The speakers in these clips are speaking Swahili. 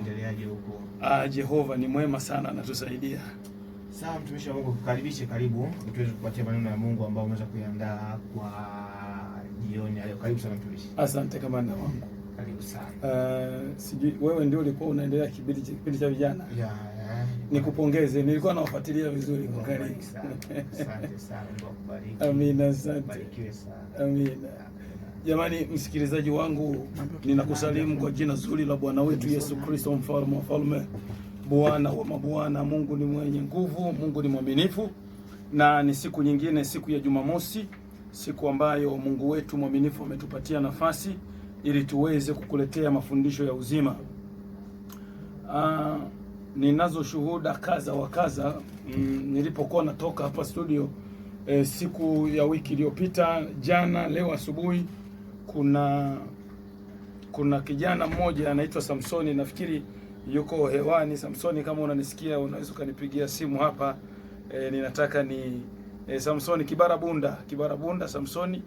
inaendeleaje huko? Ah, Jehova ni mwema sana anatusaidia. Sawa, mtumishi wa Mungu, kukaribishe karibu, tuweze kupatia maneno ya Mungu ambayo umeweza kuiandaa kwa jioni leo. Karibu sana mtumishi. Asante kamanda wangu. Karibu sana. Uh, sijui wewe ndio ulikuwa unaendelea kipindi kipindi cha vijana? Yeah, yeah. Nikupongeze, nilikuwa nawafuatilia vizuri kwa karibu. Asante sana. Mungu akubariki. Amina, asante. Barikiwe sana. Amina. Jamani, msikilizaji wangu, ninakusalimu kwa jina zuri la Bwana wetu Yesu Kristo, mfalme wa falme, Bwana wa mabwana. Mungu ni mwenye nguvu, Mungu ni mwaminifu, na ni siku nyingine, siku ya Jumamosi, siku ambayo Mungu wetu mwaminifu ametupatia nafasi ili tuweze kukuletea mafundisho ya uzima. Aa, ah, ninazo shuhuda kaza wa kaza Mm, nilipokuwa natoka hapa studio e, siku ya wiki iliyopita, jana, leo asubuhi kuna kuna kijana mmoja anaitwa Samsoni, nafikiri yuko hewani. Samsoni, kama unanisikia unaweza ukanipigia simu hapa e, ninataka ni e, Samsoni Kibara Bunda, Kibara Bunda. Samsoni,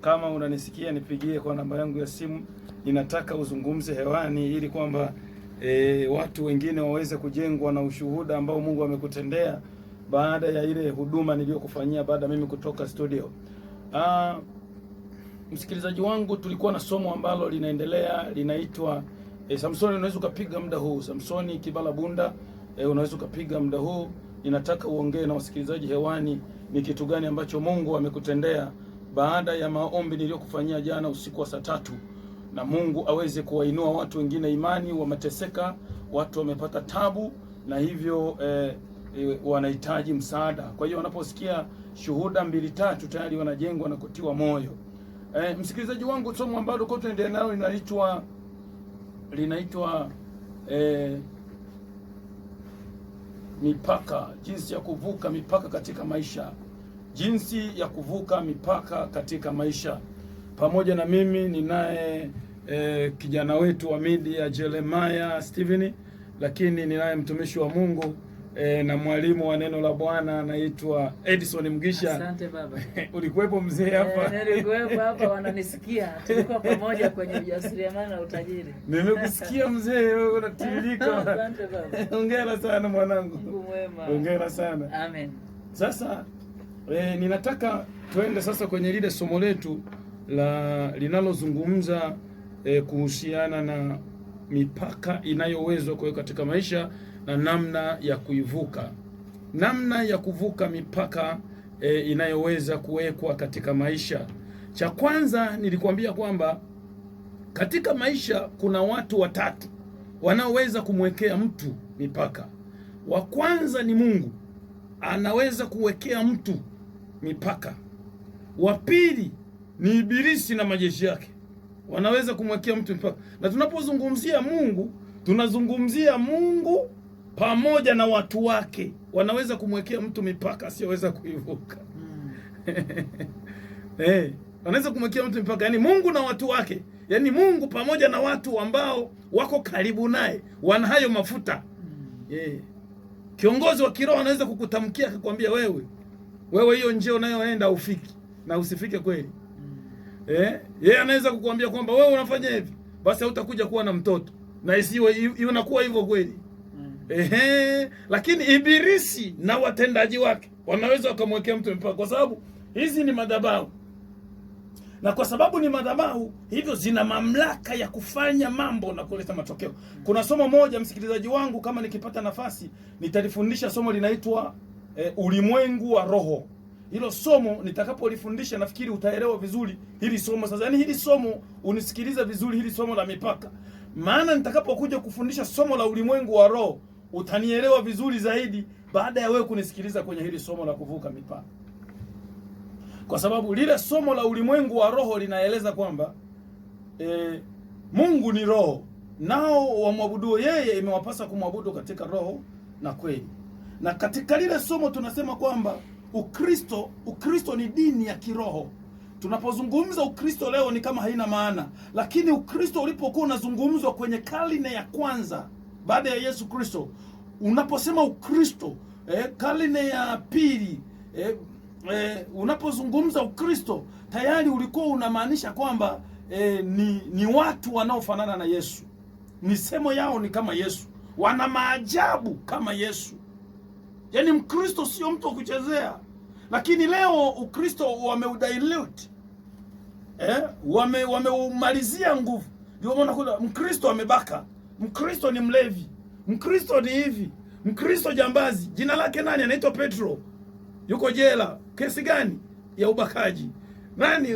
kama unanisikia nipigie kwa namba yangu ya simu, ninataka uzungumze hewani ili kwamba e, watu wengine waweze kujengwa na ushuhuda ambao Mungu amekutendea baada ya ile huduma niliyokufanyia baada mimi kutoka studio. Aa, ah, msikilizaji wangu, tulikuwa na somo ambalo linaendelea linaitwa e, Samsoni unaweza ukapiga muda huu. Samsoni Kibala Bunda, e, unaweza ukapiga muda huu. Ninataka uongee na wasikilizaji hewani, ni kitu gani ambacho Mungu amekutendea baada ya maombi niliyokufanyia jana usiku wa saa tatu, na Mungu aweze kuwainua watu wengine imani. Wameteseka, watu wamepata tabu, na hivyo e, e, wanahitaji msaada. Kwa hiyo wanaposikia shuhuda mbili tatu, tayari wanajengwa na kutiwa moyo. E, msikilizaji wangu, somo ambalo kwa tunaendelea nalo linaitwa linaitwa e, mipaka, jinsi ya kuvuka mipaka katika maisha, jinsi ya kuvuka mipaka katika maisha. Pamoja na mimi ninaye e, kijana wetu wa media Jeremiah Steven, lakini ninaye mtumishi wa Mungu e, na mwalimu wa neno la Bwana anaitwa Edison Mgisha. Asante baba. Ulikuwepo mzee eh, hapa? E, nilikuwepo hapa, wananisikia. Tulikuwa pamoja kwenye ujasiriamali na utajiri. Nimekusikia mzee, wewe unatiririka. Asante baba. Hongera sana mwanangu. Mungu mwema. Hongera sana. Amen. Sasa e, ninataka tuende sasa kwenye lile somo letu la linalozungumza e, kuhusiana na mipaka inayowezwa kuwekwa katika maisha na namna ya kuivuka, namna ya kuvuka mipaka e, inayoweza kuwekwa katika maisha. Cha kwanza nilikuambia kwamba katika maisha kuna watu watatu wanaoweza kumwekea mtu mipaka. Wa kwanza ni Mungu, anaweza kuwekea mtu mipaka. Wa pili ni Ibilisi na majeshi yake, wanaweza kumwekea mtu mipaka. Na tunapozungumzia Mungu tunazungumzia Mungu pamoja na watu wake wanaweza kumwekea mtu mipaka asiyoweza kuivuka. mm. Hey, eh, wanaweza kumwekea mtu mipaka, yaani Mungu na watu wake, yaani Mungu pamoja na watu ambao wako karibu naye wana hayo mafuta. mm. Hey. Eh, kiongozi wa kiroho anaweza kukutamkia akakwambia, wewe wewe, hiyo njia unayoenda ufiki na usifike kweli. mm. Hey. Eh, yeye anaweza kukuambia kwamba wewe unafanya hivi basi, hautakuja kuwa na mtoto na isiwe inakuwa hivyo kweli Ehe, lakini Ibilisi na watendaji wake wanaweza wakamwekea mtu mpaka, kwa sababu hizi ni madhabahu, na kwa sababu ni madhabahu, hivyo zina mamlaka ya kufanya mambo na kuleta matokeo. Kuna somo moja, msikilizaji wangu, kama nikipata nafasi nitalifundisha, somo linaitwa e, ulimwengu wa roho. Hilo somo nitakapolifundisha, nafikiri utaelewa vizuri hili somo sasa. Yani hili somo unisikiliza vizuri, hili somo la mipaka, maana nitakapokuja kufundisha somo la ulimwengu wa roho utanielewa vizuri zaidi baada ya wewe kunisikiliza kwenye hili somo la kuvuka mipaka, kwa sababu lile somo la ulimwengu wa roho linaeleza kwamba e, Mungu ni roho, nao wamwabuduo yeye imewapasa kumwabudu katika roho na kweli. Na katika lile somo tunasema kwamba Ukristo, Ukristo ni dini ya kiroho. Tunapozungumza Ukristo leo ni kama haina maana, lakini Ukristo ulipokuwa unazungumzwa kwenye karne ya kwanza baada ya Yesu Kristo. Unaposema Ukristo eh, karne ya pili eh, eh, unapozungumza Ukristo tayari ulikuwa unamaanisha kwamba eh, ni, ni watu wanaofanana na Yesu, misemo yao ni kama Yesu, wana maajabu kama Yesu. Yaani Mkristo sio mtu wa kuchezea, lakini leo Ukristo wameudilute eh, wameumalizia wame nguvu, ndio maana Mkristo amebaka Mkristo ni mlevi, Mkristo ni hivi, Mkristo jambazi. Jina lake nani? Anaitwa Petro, yuko jela. Kesi gani? Ya ubakaji. Nani?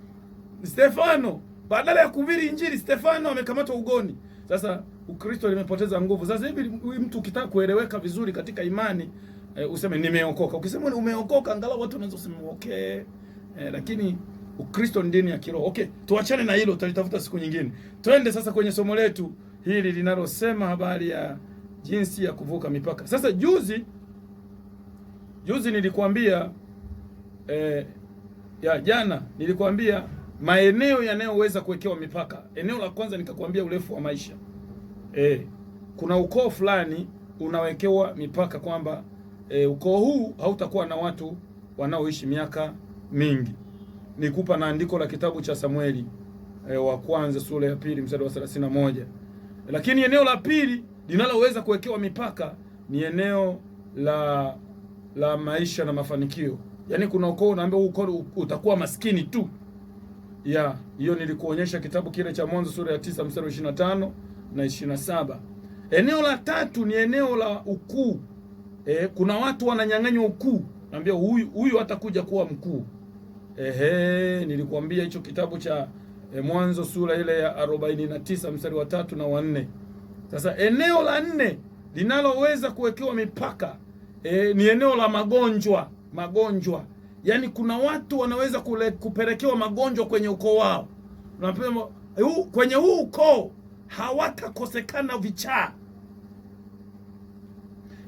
Stefano. Badala ya kuhubiri Injili, Stefano amekamatwa ugoni. Sasa Ukristo limepoteza nguvu. Sasa hivi mtu ukitaka kueleweka vizuri katika imani e, useme nimeokoka. Ukisema umeokoka, angalau watu wanaweza kusema okay, e, lakini Ukristo ni dini ya kiroho. Okay, tuachane na hilo, tutalitafuta siku nyingine. Twende sasa kwenye somo letu hili linalosema habari ya jinsi ya kuvuka mipaka. Sasa juzi juzi nilikwambia eh, ya jana nilikwambia maeneo yanayoweza kuwekewa mipaka. Eneo la kwanza nikakwambia urefu wa maisha eh, kuna ukoo fulani unawekewa mipaka kwamba E, ukoo huu hautakuwa na watu wanaoishi miaka mingi. Nikupa na andiko la kitabu cha Samueli e, wa kwanza sura ya pili mstari wa 31. Lakini eneo la pili linaloweza kuwekewa mipaka ni eneo la la maisha na mafanikio. Yaani kuna ukoo unaambia ukoo utakuwa maskini tu. Ya, hiyo nilikuonyesha kitabu kile cha Mwanzo sura ya tisa mstari wa tano na saba. Eneo la tatu ni eneo la ukuu. E, kuna watu wananyang'anywa ukuu. Naambia huyu huyu atakuja kuwa mkuu. Ehe, nilikuambia hicho kitabu cha e, Mwanzo sura ile ya 49 mstari wa tatu na wanne. Sasa eneo la nne linaloweza kuwekewa mipaka e, ni eneo la magonjwa. Magonjwa yaani, kuna watu wanaweza kule, kupelekewa magonjwa kwenye ukoo wao Unapema, kwenye huu ukoo hawatakosekana vichaa.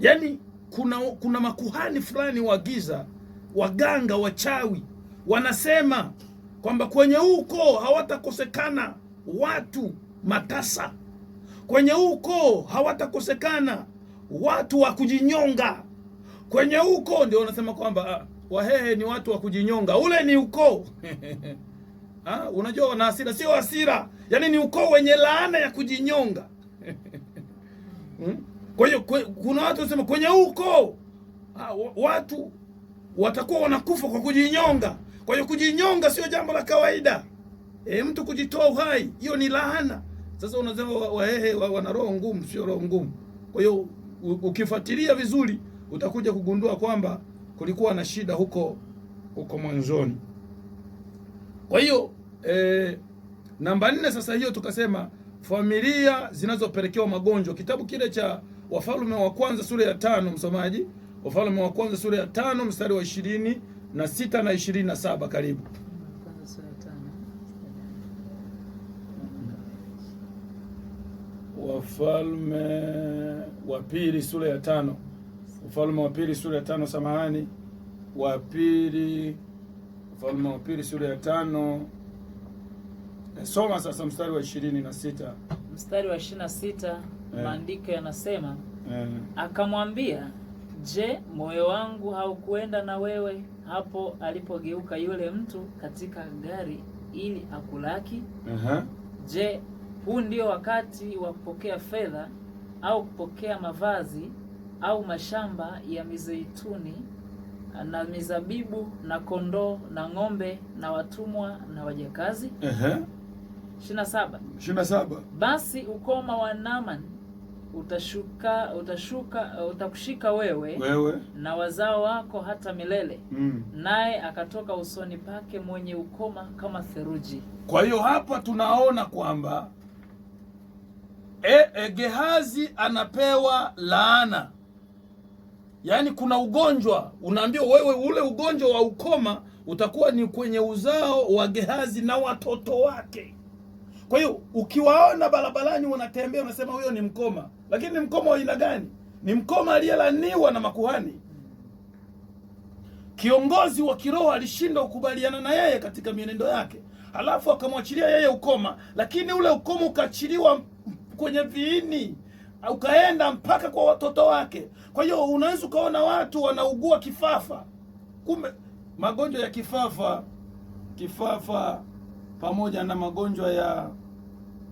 Yaani kuna, kuna makuhani fulani wa giza, waganga, wachawi wanasema kwamba kwenye huko hawatakosekana watu matasa, kwenye huko hawatakosekana watu wa kujinyonga. Kwenye huko ndio wanasema kwamba ah, Wahehe ni watu wa kujinyonga, ule ni ukoo ha? Ah, unajua wana hasira, sio hasira, yaani ni ukoo wenye laana ya kujinyonga hmm? Kwa hiyo kuna watu wanasema kwenye ukoo ah, watu watakuwa wanakufa kwa kujinyonga. Kwa hiyo kujinyonga sio jambo la kawaida. E, mtu kujitoa uhai, hiyo ni laana. Sasa unasema wahehe wa, wana roho ngumu. Sio roho ngumu. Kwa hiyo ukifuatilia vizuri utakuja kugundua kwamba kulikuwa na shida huko huko mwanzoni. Kwa hiyo e, namba nne sasa hiyo tukasema familia zinazopelekewa magonjwa. Kitabu kile cha Wafalme wa Kwanza sura ya tano, msomaji, Wafalme wa Kwanza sura ya tano mstari wa ishirini na sita na ishirini na saba karibu Wafalme wa pili sura ya tano Ufalme wa pili sura ya tano samahani, wa pili Ufalme wa pili sura ya tano eh, Soma sasa mstari wa ishirini na sita mstari wa ishirini na sita eh. Maandiko yanasema eh, akamwambia, je, moyo wangu haukuenda na wewe hapo alipogeuka yule mtu katika gari ili akulaki. uh-huh. Je, huu ndio wakati wa kupokea fedha au kupokea mavazi au mashamba ya mizeituni na mizabibu na kondoo na ng'ombe na watumwa na wajakazi? uh-huh. 27. 27. Basi ukoma wa Naaman utashuka utashuka utakushika wewe, wewe na wazao wako hata milele mm. Naye akatoka usoni pake mwenye ukoma kama theruji. Kwa hiyo hapa tunaona kwamba e, e, Gehazi anapewa laana, yaani kuna ugonjwa unaambiwa wewe, ule ugonjwa wa ukoma utakuwa ni kwenye uzao wa Gehazi na watoto wake. Kwa hiyo ukiwaona barabarani wanatembea, unasema huyo ni mkoma lakini ni mkoma wa aina gani? Ni mkoma aliyelaniwa na makuhani. Kiongozi wa kiroho alishindwa kukubaliana na yeye katika mienendo yake, halafu akamwachilia yeye ukoma, lakini ule ukoma ukaachiliwa kwenye viini ukaenda mpaka kwa watoto wake. Kwa hiyo unaweza ukaona watu wanaugua kifafa, kumbe magonjwa ya kifafa, kifafa pamoja na magonjwa ya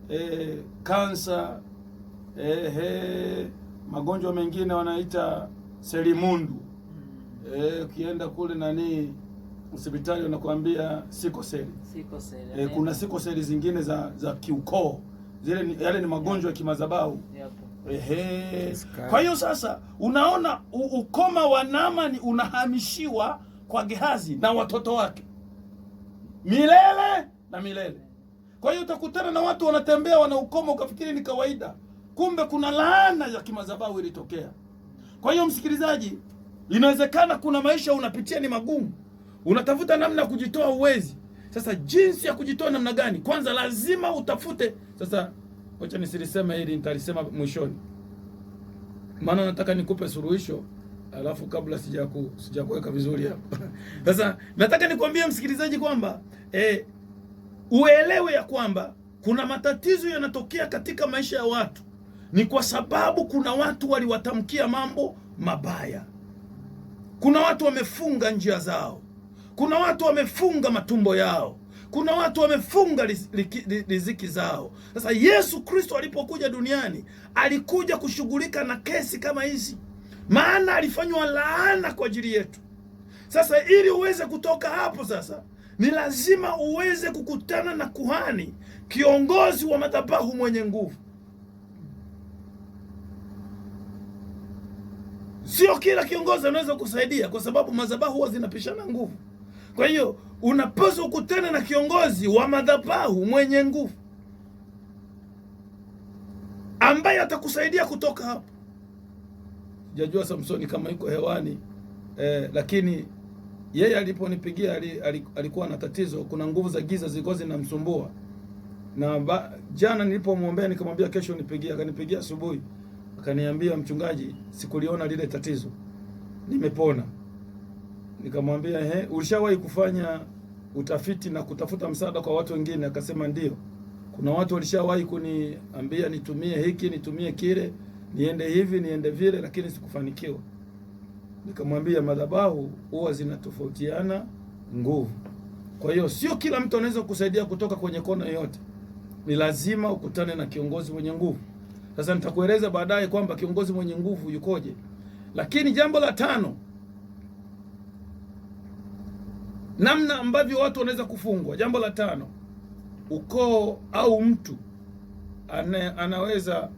eh, kansa ehe, magonjwa mengine wanaita selimundu. Mm. Eh, ukienda kule nani hospitali wanakuambia siko seli, siko seli. E, eh, kuna siko seli zingine za za kiukoo zile ni, yale ni magonjwa ya kimadhabahu. Ehe, kwa hiyo sasa unaona u, ukoma wa Naamani unahamishiwa kwa Gehazi na watoto wake milele na milele. Kwa hiyo utakutana na watu wanatembea wana ukoma ukafikiri ni kawaida kumbe kuna laana ya kimadhabahu ilitokea. Kwa hiyo, msikilizaji, inawezekana kuna maisha unapitia ni magumu, unatafuta namna ya kujitoa, uwezi. Sasa jinsi ya kujitoa namna gani? Kwanza lazima utafute. Sasa wacha nisilisema hili, nitalisema mwishoni, maana nataka nikupe suluhisho alafu kabla sijaku sijakuweka vizuri hapo. sasa, nataka nikwambie msikilizaji kwamba eh, uelewe ya kwamba kuna matatizo yanatokea katika maisha ya watu ni kwa sababu kuna watu waliwatamkia mambo mabaya. Kuna watu wamefunga njia zao, kuna watu wamefunga matumbo yao, kuna watu wamefunga riziki zao. Sasa Yesu Kristo alipokuja duniani alikuja kushughulika na kesi kama hizi, maana alifanywa laana kwa ajili yetu. Sasa ili uweze kutoka hapo sasa ni lazima uweze kukutana na kuhani, kiongozi wa madhabahu mwenye nguvu Sio kila kiongozi anaweza kusaidia, kwa sababu madhabahu huwa zinapishana nguvu. Kwa hiyo unapaswa kukutana na kiongozi wa madhabahu mwenye nguvu ambaye atakusaidia kutoka hapo. Sijajua Samsoni kama yuko hewani eh, lakini yeye aliponipigia alikuwa na tatizo. Kuna nguvu za giza zilikuwa zinamsumbua na ba, jana nilipomwombea nikamwambia kesho nipigia, akanipigia asubuhi akaniambia mchungaji, sikuliona lile tatizo, nimepona. Nikamwambia ehe, ulishawahi kufanya utafiti na kutafuta msaada kwa watu wengine? Akasema ndio, kuna watu walishawahi kuniambia nitumie hiki nitumie kile niende hivi niende vile, lakini sikufanikiwa. Nikamwambia madhabahu huwa zinatofautiana nguvu, kwa hiyo sio kila mtu anaweza kusaidia kutoka kwenye kona yoyote, ni lazima ukutane na kiongozi mwenye nguvu. Sasa nitakueleza baadaye kwamba kiongozi mwenye nguvu yukoje. Lakini jambo la tano, namna ambavyo watu wanaweza kufungwa. Jambo la tano, ukoo au mtu ane, anaweza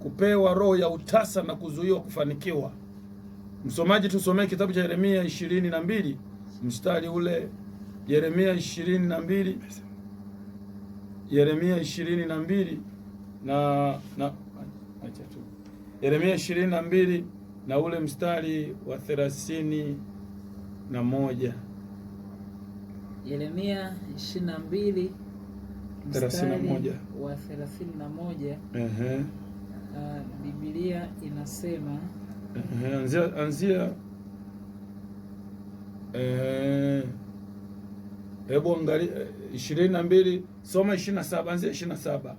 kupewa roho ya utasa na kuzuiwa kufanikiwa. Msomaji, tusomee kitabu cha Yeremia ishirini na mbili mstari ule, Yeremia ishirini na mbili Yeremia ishirini na mbili na acha tu. Yeremia ishirini na mbili na ule mstari wa thelathini na moja. Yeremia ishirini na mbili wa thelathini na moja. Uh, Biblia inasema ehe, anzia anzia eh, hebu angalia eh, ishirini na mbili soma ishirini na saba anzia ishirini na saba.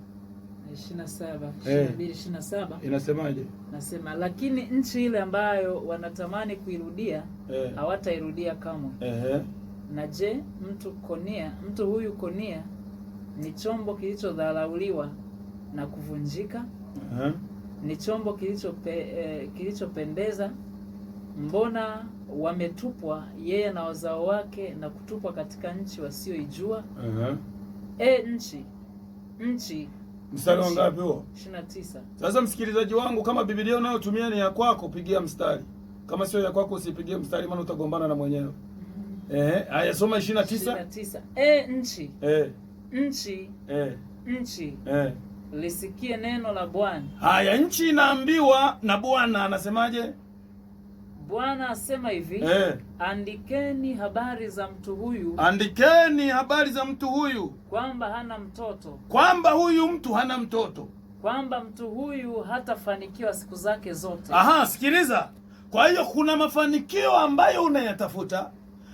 27, 27 eh, inasemaje? Nasema lakini nchi ile ambayo wanatamani kuirudia eh. hawatairudia kamwe Ehe. Na je, mtu Konia, mtu huyu Konia ni chombo kilichodharauliwa na kuvunjika Ehe. Ni chombo kilichope, e, eh, kilichopendeza. Mbona wametupwa yeye na wazao wake na kutupwa katika nchi wasioijua? Ehe. E nchi, nchi Mstari wa ngapi huo? 29. Sasa msikilizaji wangu, kama Biblia unayotumia ni ya kwako, pigia mstari. Kama sio ya kwako, usipigie mstari, maana utagombana na mwenyewe. Eh, haya soma 29. 29. Eh, nchi. Eh. Nchi. Eh. Nchi. Eh. Lisikie neno la Bwana. Haya, nchi inaambiwa na Bwana anasemaje? Bwana asema hivi eh, andikeni habari za mtu huyu, andikeni habari za mtu huyu kwamba hana mtoto, kwamba huyu mtu hana mtoto, kwamba mtu huyu hatafanikiwa siku zake zote. Aha, sikiliza. Kwa hiyo kuna mafanikio ambayo unayatafuta,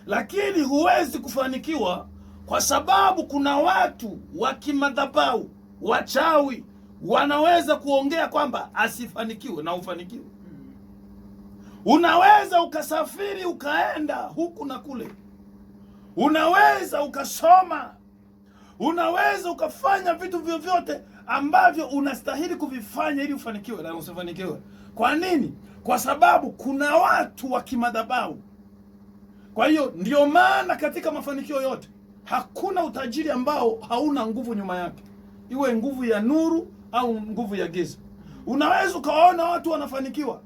lakini huwezi kufanikiwa kwa sababu kuna watu wa kimadhabau, wachawi, wanaweza kuongea kwamba asifanikiwe na ufanikiwe. Unaweza ukasafiri ukaenda huku na kule, unaweza ukasoma, unaweza ukafanya vitu vyovyote ambavyo unastahili kuvifanya ili ufanikiwe na usifanikiwe. Kwa nini? Kwa sababu kuna watu wa kimadhabahu. Kwa hiyo ndio maana katika mafanikio yote hakuna utajiri ambao hauna nguvu nyuma yake, iwe nguvu ya nuru au nguvu ya giza. Unaweza ukawaona watu wanafanikiwa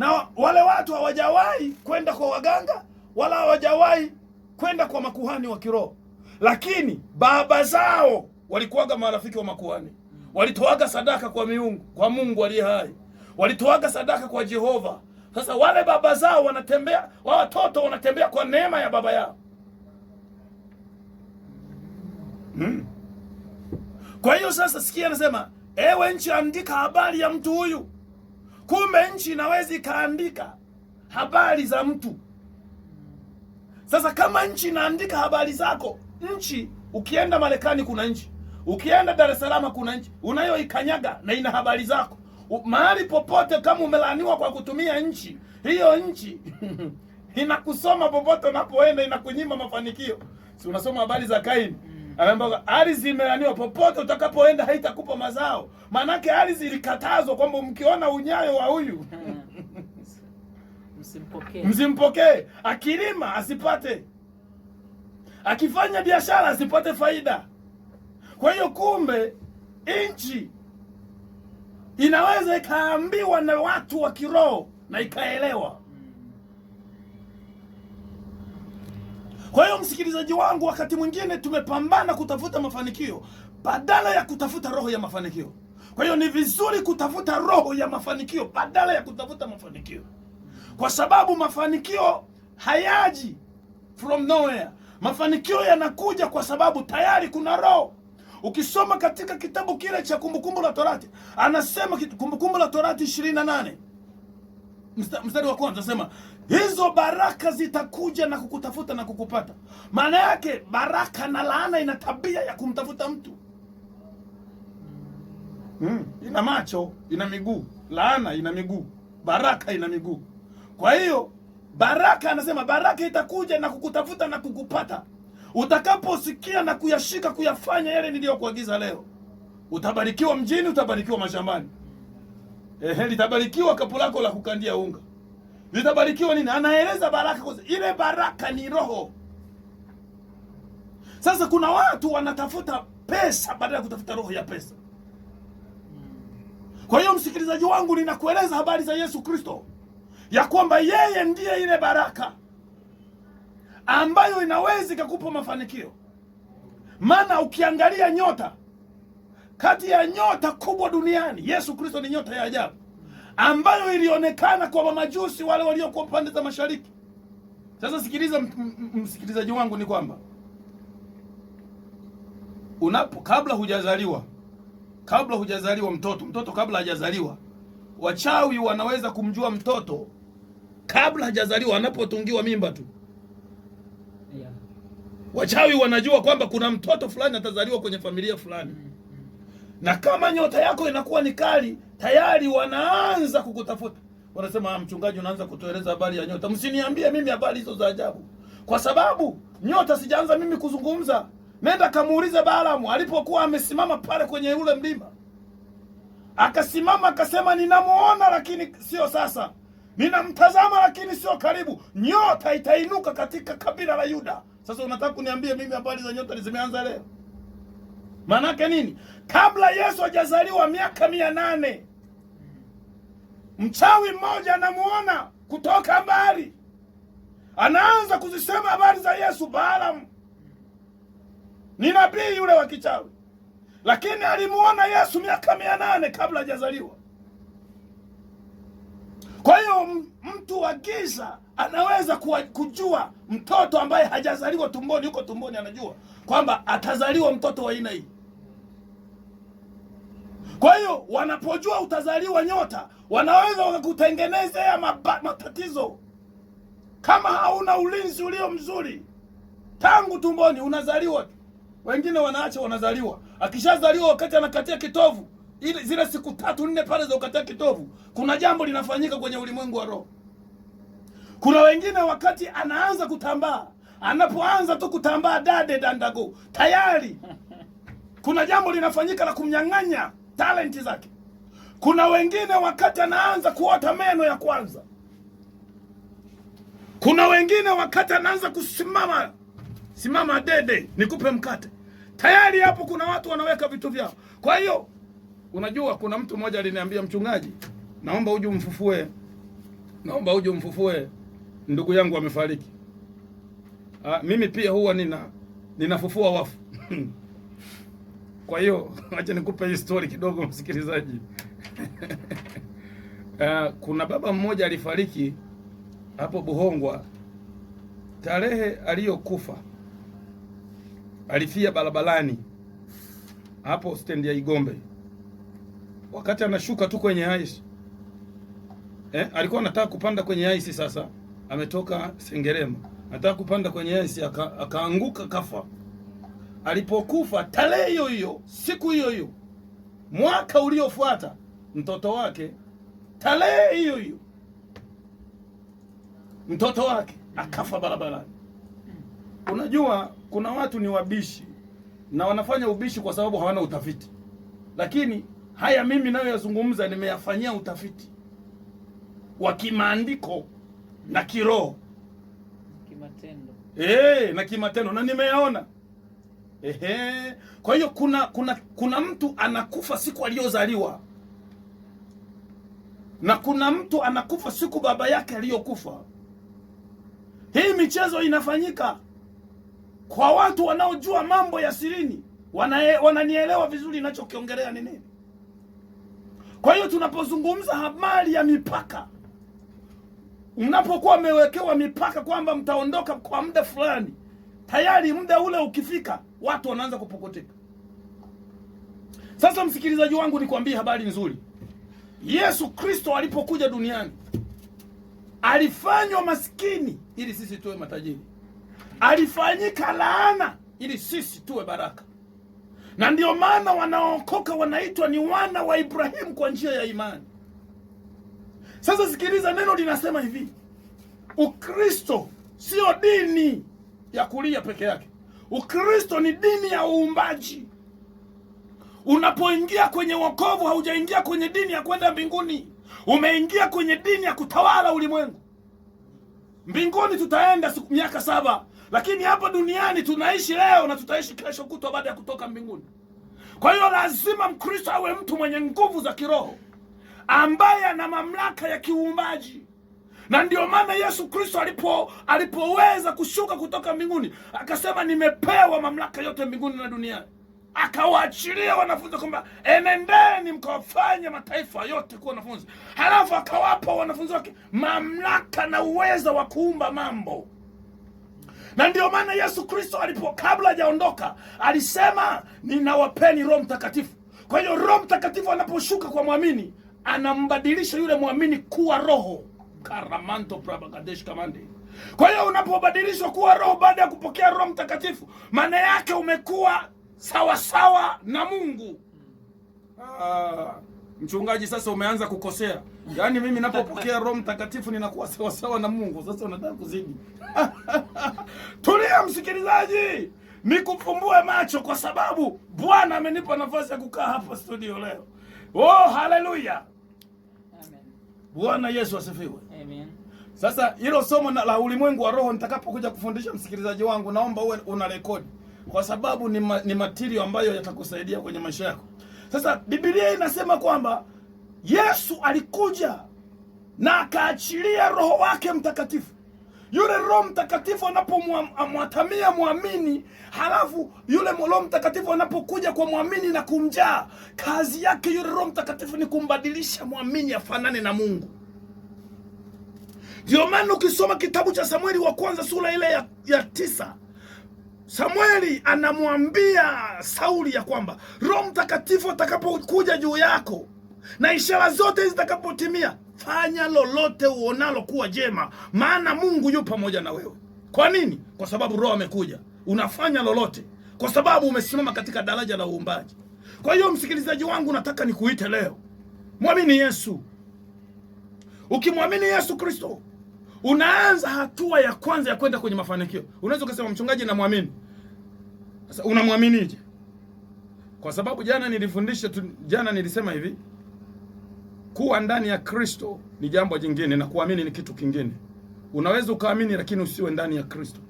na wale watu hawajawahi kwenda kwa waganga wala hawajawahi kwenda kwa makuhani wa kiroho, lakini baba zao walikuwaga marafiki wa makuhani, walitoaga sadaka kwa miungu, kwa Mungu aliye hai, walitoaga sadaka kwa Jehova. Sasa wale baba zao wanatembea, wa watoto wanatembea kwa neema ya baba yao hmm. Kwa hiyo sasa, sikia, anasema ewe nchi, andika habari ya mtu huyu Kumbe nchi inaweza ikaandika habari za mtu. Sasa kama nchi inaandika habari zako, nchi ukienda Marekani kuna nchi, ukienda Dar es Salaam kuna nchi unayoikanyaga na ina habari zako. Mahali popote kama umelaaniwa kwa kutumia nchi, hiyo nchi inakusoma popote unapoenda, inakunyima mafanikio. Si unasoma habari za Kaini? Akaambia ardhi imelaaniwa, popote utakapoenda haitakupa mazao. Maanake ardhi ilikatazwa kwamba mkiona unyayo wa huyu msimpokee, msimpokee. Akilima asipate, akifanya biashara asipate faida. Kwa hiyo kumbe nchi inaweza ikaambiwa na watu wa kiroho na ikaelewa Kwa hiyo msikilizaji wangu, wakati mwingine tumepambana kutafuta mafanikio badala ya kutafuta roho ya mafanikio. Kwa hiyo ni vizuri kutafuta roho ya mafanikio badala ya kutafuta mafanikio, kwa sababu mafanikio hayaji from nowhere. Mafanikio yanakuja kwa sababu tayari kuna roho. Ukisoma katika kitabu kile cha Kumbukumbu la Torati, anasema Kumbukumbu la Torati 28 mstari, wa kwanza sema hizo baraka zitakuja na kukutafuta na kukupata. Maana yake baraka na laana ina tabia ya kumtafuta mtu mm. Ina macho ina miguu, laana ina miguu, baraka ina miguu. Kwa hiyo baraka, anasema baraka itakuja na kukutafuta na kukupata utakaposikia na kuyashika kuyafanya yale niliyokuagiza leo, utabarikiwa mjini, utabarikiwa mashambani. Ehe, litabarikiwa kapu lako la kukandia unga. Litabarikiwa nini? Anaeleza baraka kwa ile baraka ni roho. Sasa kuna watu wanatafuta pesa badala ya kutafuta roho ya pesa. Kwa hiyo msikilizaji wangu, ninakueleza habari za Yesu Kristo ya kwamba yeye ndiye ile baraka ambayo inaweza ikakupa mafanikio. Maana ukiangalia nyota kati ya nyota kubwa duniani. Yesu Kristo ni nyota ya ajabu ambayo ilionekana kwa mamajusi wale waliokuwa pande za mashariki. Sasa sikiliza, msikilizaji wangu, ni kwamba unapo kabla hujazaliwa, kabla hujazaliwa mtoto, mtoto kabla hajazaliwa, wachawi wanaweza kumjua mtoto kabla hajazaliwa, anapotungiwa mimba tu wachawi wanajua kwamba kuna mtoto fulani atazaliwa kwenye familia fulani na kama nyota yako inakuwa ni kali, tayari wanaanza kukutafuta. Wanasema, ah, mchungaji, unaanza kutueleza habari ya nyota. Msiniambie mimi habari hizo za ajabu, kwa sababu nyota sijaanza mimi kuzungumza. Nenda kamuulize Balaamu alipokuwa amesimama pale kwenye ule mlima, akasimama akasema, ninamuona lakini sio sasa, ninamtazama lakini sio karibu. Nyota itainuka katika kabila la Yuda. Sasa unataka kuniambia mimi habari za nyota zimeanza leo? Maanake nini? Kabla Yesu hajazaliwa miaka mia nane mchawi mmoja anamuona kutoka mbali, anaanza kuzisema habari za Yesu. Balaam ni nabii yule wa kichawi, lakini alimuona Yesu miaka mia nane kabla hajazaliwa. Kwa hiyo mtu wa giza anaweza kujua mtoto ambaye hajazaliwa tumboni, yuko tumboni, anajua kwamba atazaliwa mtoto wa aina hii. Kwa hiyo wanapojua utazaliwa nyota, wanaweza wakakutengenezea matatizo kama hauna ulinzi ulio mzuri tangu tumboni, unazaliwa tu. Wengine wanaacha wanazaliwa, akishazaliwa wakati anakatia kitovu, ile zile siku tatu nne pale za kukatia kitovu, kuna jambo linafanyika kwenye ulimwengu wa roho. Kuna wengine wakati anaanza kutambaa, anapoanza tu kutambaa dade dandago, tayari kuna jambo linafanyika la kumnyang'anya talenti zake. Kuna wengine wakati anaanza kuota meno ya kwanza, kuna wengine wakati anaanza kusimama simama dede, nikupe mkate, tayari hapo kuna watu wanaweka vitu vyao. Kwa hiyo unajua, kuna mtu mmoja aliniambia, mchungaji, naomba uje umfufue, naomba uje umfufue ndugu yangu amefariki. Ah, mimi pia huwa nina ninafufua wafu Kwa hiyo acha nikupe hii story kidogo msikilizaji. Uh, kuna baba mmoja alifariki hapo Buhongwa. Tarehe aliyokufa alifia barabarani hapo stendi ya Igombe, wakati anashuka tu kwenye haisi eh, alikuwa anataka kupanda kwenye haisi sasa, ametoka Sengerema anataka kupanda kwenye akaanguka aka, akaanguka kafa alipokufa tarehe hiyo hiyo, siku hiyo hiyo, mwaka uliofuata, mtoto wake tarehe hiyo hiyo, mtoto wake akafa barabarani. Unajua, kuna watu ni wabishi na wanafanya ubishi kwa sababu hawana utafiti, lakini haya mimi nayoyazungumza nimeyafanyia utafiti wa kimaandiko na kiroho, kimatendo, eh, na kimatendo na nimeyaona. Ehe. Kwa hiyo kuna kuna kuna mtu anakufa siku aliyozaliwa na kuna mtu anakufa siku baba yake aliyokufa. Hii michezo inafanyika kwa watu wanaojua mambo ya sirini, wananielewa wana vizuri ninachokiongelea ni nini. Kwa hiyo tunapozungumza habari ya mipaka, mnapokuwa mmewekewa mipaka kwamba mtaondoka kwa muda fulani, tayari muda ule ukifika watu wanaanza kupokoteka. Sasa msikilizaji wangu, nikwambie habari nzuri. Yesu Kristo alipokuja duniani alifanywa maskini ili sisi tuwe matajiri, alifanyika laana ili sisi tuwe baraka, na ndio maana wanaokoka wanaitwa ni wana wa Ibrahimu kwa njia ya imani. Sasa sikiliza, neno linasema hivi, Ukristo sio dini ya kulia peke yake. Ukristo ni dini ya uumbaji. Unapoingia kwenye wokovu, haujaingia kwenye dini ya kwenda mbinguni, umeingia kwenye dini ya kutawala ulimwengu. Mbinguni tutaenda siku miaka saba, lakini hapa duniani tunaishi leo na tutaishi kesho kutwa baada ya kutoka mbinguni. Kwa hiyo lazima Mkristo awe mtu mwenye nguvu za kiroho ambaye ana mamlaka ya kiuumbaji na ndio maana Yesu Kristo alipo alipoweza kushuka kutoka mbinguni akasema, nimepewa mamlaka yote mbinguni na duniani, akawaachilia wanafunzi kwamba enendeni mkawafanye mataifa yote kuwa wanafunzi, halafu akawapa wanafunzi wake mamlaka na uwezo wa kuumba mambo na ndio maana Yesu Kristo alipo kabla hajaondoka alisema ninawapeni Roho Mtakatifu. Kwa hiyo Roho Mtakatifu anaposhuka kwa mwamini, anambadilisha yule mwamini kuwa roho karamanto prabakadesh kamande. Kwa hiyo unapobadilishwa kuwa roho baada ya kupokea Roho Mtakatifu, maana yake umekuwa sawasawa sawa na Mungu. Ah, mchungaji, sasa umeanza kukosea. Yaani mimi ninapopokea Roho Mtakatifu ninakuwa sawasawa na Mungu. Sasa unataka kuzidi? Tulia msikilizaji, nikufumbue macho, kwa sababu Bwana amenipa nafasi ya kukaa hapa studio leo. Oh, haleluya! Bwana Yesu asifiwe. Sasa hilo somo la ulimwengu wa roho nitakapokuja kufundisha msikilizaji wangu, naomba uwe una rekodi, kwa sababu ni, ma, ni matirio ambayo yatakusaidia kwenye maisha yako. Sasa Biblia inasema kwamba Yesu alikuja na akaachilia roho wake mtakatifu. Yule Roho Mtakatifu anapomwatamia mwamini, halafu yule Roho Mtakatifu anapokuja kwa mwamini na kumjaa, kazi yake yule Roho Mtakatifu ni kumbadilisha mwamini afanane na Mungu ndio maana ukisoma kitabu cha Samueli wa kwanza sura ile ya, ya tisa Samueli anamwambia Sauli ya kwamba Roho Mtakatifu atakapokuja juu yako na ishara zote zitakapotimia, fanya lolote uonalo kuwa jema, maana Mungu yu pamoja na wewe. Kwa nini? Kwa sababu Roho amekuja. Unafanya lolote kwa sababu umesimama katika daraja la uumbaji. Kwa hiyo, msikilizaji wangu, nataka nikuite leo, mwamini Yesu. Ukimwamini Yesu Kristo unaanza hatua ya kwanza ya kwenda kwenye mafanikio. Unaweza ukasema mchungaji, namwamini. Sasa unamwaminije? Kwa sababu jana nilifundisha tu, jana nilisema hivi, kuwa ndani ya Kristo ni jambo jingine na kuamini ni kitu kingine. Unaweza ukaamini lakini usiwe ndani ya Kristo,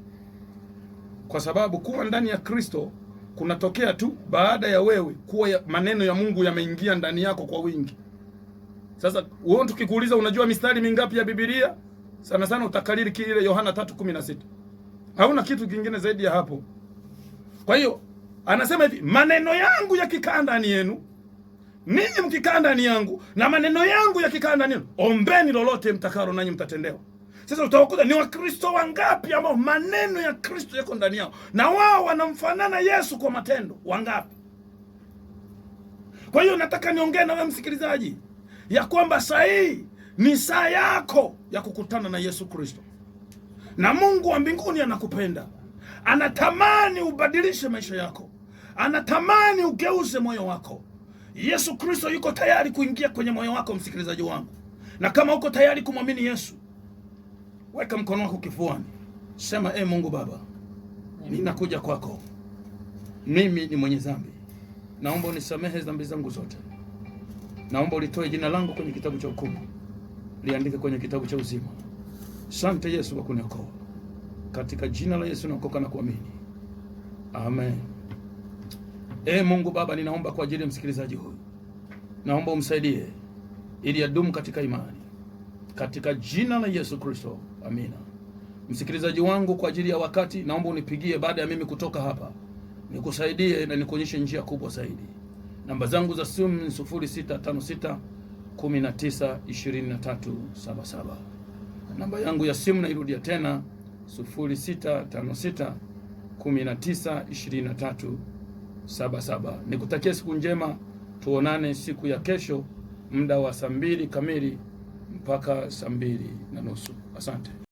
kwa sababu kuwa ndani ya Kristo kunatokea tu baada ya wewe kuwa ya, maneno ya Mungu yameingia ndani yako kwa wingi. Sasa wewe tukikuuliza, unajua mistari mingapi ya Biblia? sana sana utakariri kile Yohana 3:16. Hauna kitu kingine zaidi ya hapo. Kwa hiyo anasema hivi, maneno yangu yakikaa ndani yenu, ninyi mkikaa ndani yangu na maneno yangu yakikaa ndani yenu, ombeni lolote mtakalo, nanyi mtatendewa. Sasa utawakuta ni Wakristo wangapi ambao maneno ya Kristo yako ndani yao na wao wanamfanana Yesu kwa matendo? Wangapi? Kwa hiyo nataka niongee na wewe msikilizaji ya kwamba sahihi ni saa yako ya kukutana na Yesu Kristo, na Mungu wa mbinguni anakupenda, anatamani ubadilishe maisha yako, anatamani ugeuze moyo wako. Yesu Kristo yuko tayari kuingia kwenye moyo wako, msikilizaji wangu, na kama uko tayari kumwamini Yesu, weka mkono wako kifuani, sema e, Mungu Baba, ninakuja kwako, mimi ni mwenye dhambi, naomba unisamehe dhambi zangu zote, naomba ulitoe jina langu kwenye kitabu cha hukumu liandike kwenye kitabu cha uzima. sante Yesu kwa kuniokoa, katika jina la Yesu naokoka na kuamini, amen. E Mungu Baba, ninaomba kwa ajili ya msikilizaji huyu, naomba umsaidie ili adumu katika imani, katika jina la Yesu Kristo, amina. Msikilizaji wangu, kwa ajili ya wakati, naomba unipigie baada ya mimi kutoka hapa, nikusaidie na nikuonyeshe njia kubwa zaidi. Namba zangu za simu ni 192377. Namba yangu ya simu nairudia tena 0656 192377. Nikutakia siku njema, tuonane siku ya kesho muda wa saa mbili kamili mpaka saa mbili na nusu. Asante.